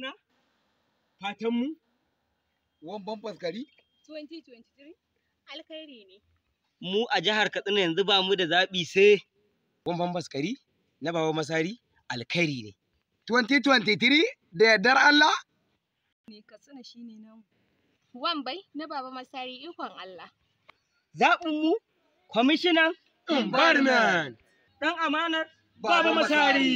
katsina fatanmu wamban faskari 2023 alkhairi ne mu a jihar katsina yanzu ba mu da zaɓi sai wamban faskari na baba masari alkhairi ne 2023 da yardar Allah ne katsina shine namu wambai na baba masari ikon Allah zaɓinmu kwamishinan environment ɗan amanar baba masari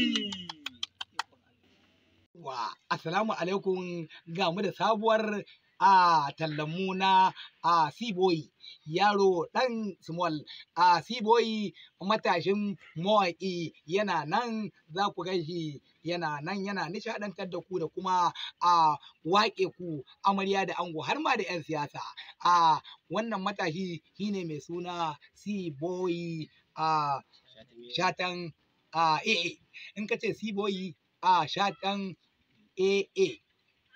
yawwa assalamu alaikum ga mu da sabuwar a tallanmu na a siboyi yaro ɗan small a siboyi matashin mawaƙi yana nan za ku shi yana nan yana nishaɗantar da ku da kuma a waƙe ku amarya da ango har ma da 'yan siyasa a wannan matashi shine mai suna siboyi a shatan a eh, eh, in ka ce siboyi a shatan aa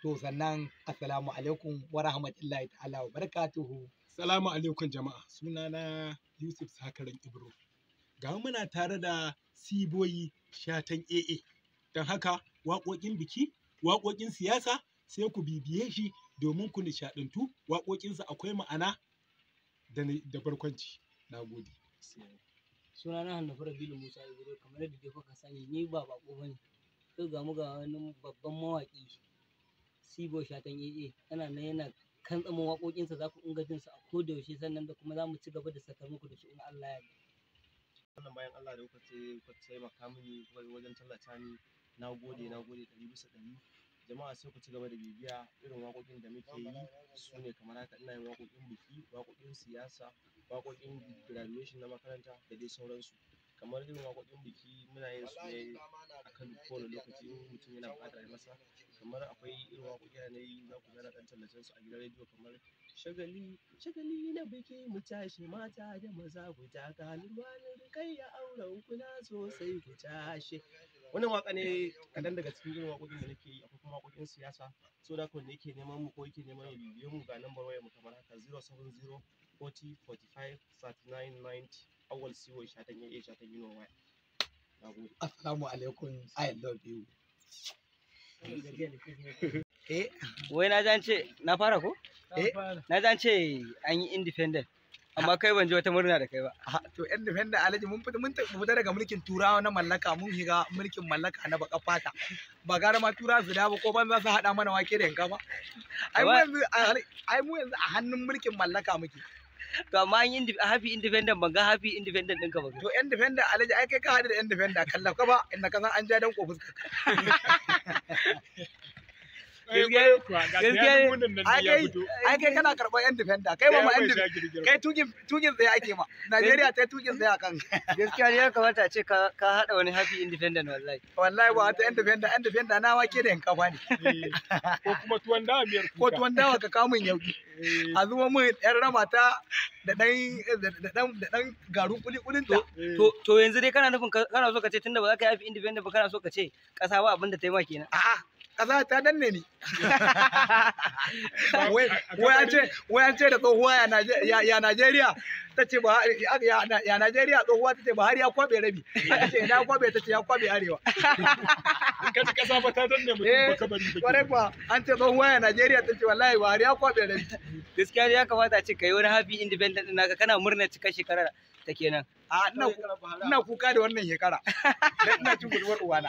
to sannan assalamu alaikum wa rahmatullahi ta'ala wa barakatuhu assalamu alaikum jama'a sunana yusuf sakaran ibro ga muna tare da siboyi shatan aa don haka waƙoƙin biki waƙoƙin siyasa sai ku bibiye shi domin ku nishaɗantu waƙoƙinsa akwai ma'ana da barkwanci na gode sunana hannu musa ibro kamar yadda dai kuka sani ni ba bako bane sai ga mu ga wani babban mawaƙi sibo shatan ee yana nan yana kan tsamin waƙoƙinsa za ku inga jinsu a koda yaushe sannan da kuma za mu ci gaba da saka muku da shi in Allah ya wannan bayan Allah da kuka ce kuka taimaka mini wajen tallata ni na gode na gode ɗari bisa ɗari jama'a sai ku ci gaba da bibiya irin waƙoƙin da muke yi su ne kamar haka ina yin waƙoƙin biki waƙoƙin siyasa waƙoƙin graduation na makaranta da dai sauransu kamar irin waƙoƙin biki muna yin su ne a kan kowane lokaci in mutum yana buƙatar a masa kamar akwai irin waƙoƙi na yi za ku ga ɗan tallacen su a gidan rediyo kamar shagali shagali na biki mu tashi mata da maza ku taka lulwalin kai ya auren ku na sosai ku tashi wannan waƙa ne kaɗan daga cikin irin waƙoƙin da nake yi akwai kuma waƙoƙin siyasa so da kun yake neman mu ko yake neman ya bibiye mu ga lambar wayar mu kamar haka 070 40 45 39 90 awal siwo shatan ya iya shatan yi waya assalamu alaikum i love you eh wai na zance na fara ko eh na zance an yi independent amma kai ban ji wata murna da kai ba to independent alaji mun fita mun fita daga mulkin turawa na mallaka mun shiga mulkin mallaka na baka fata ba gara ma turawa su da ba ko ban za su hada mana wake da yanka ba ai mu yanzu a hannun mulkin mallaka muke to amma an yi happy independent ban ga happy independent ɗinka ba to independent alaji ai kai ka haɗu da independent kallaka ba inda ka san an ja dan ko gaskiya ai kai kana karɓar yan defender kai ba ma yan kai tugin tugin zai ake ma Najeriya ta tugin zai akan gaskiya ne ya kamata a ce ka ka hada wani happy independent wallahi wallahi ba ta yan defender yan defender na wake da yankafa ne eh. ko kuma tuwon dawa biyar kuka ko tuwon dawa ka kamun yauki eh. a zuwa mun yan rama ta da dan da dan garin kuli kulin ta eh. to yanzu dai kana nufin kana so ka ce tunda ba za ka yi happy independent ba kana so ka ce kasa ba abin da ta yi ma kenan a'a ƙasa ta danne ni wai an ce da tsohuwa ya Najeriya ta ce ba ya Najeriya tsohuwa ta ce ba har ya kwabe rabi ta ce ina kwabe ta ce ya kwabe arewa kaji kasa ba ta danne mutum ba ka bari ba kwarai eh, an ce tsohuwa ya Najeriya ta ce wallahi ba har ya kwabe rabi gaskiya ya kamata a ce kai wani happy independent din naka kana murna cika shekarar ta kenan a ina kuka da wannan shekara ina cin guduwar uwana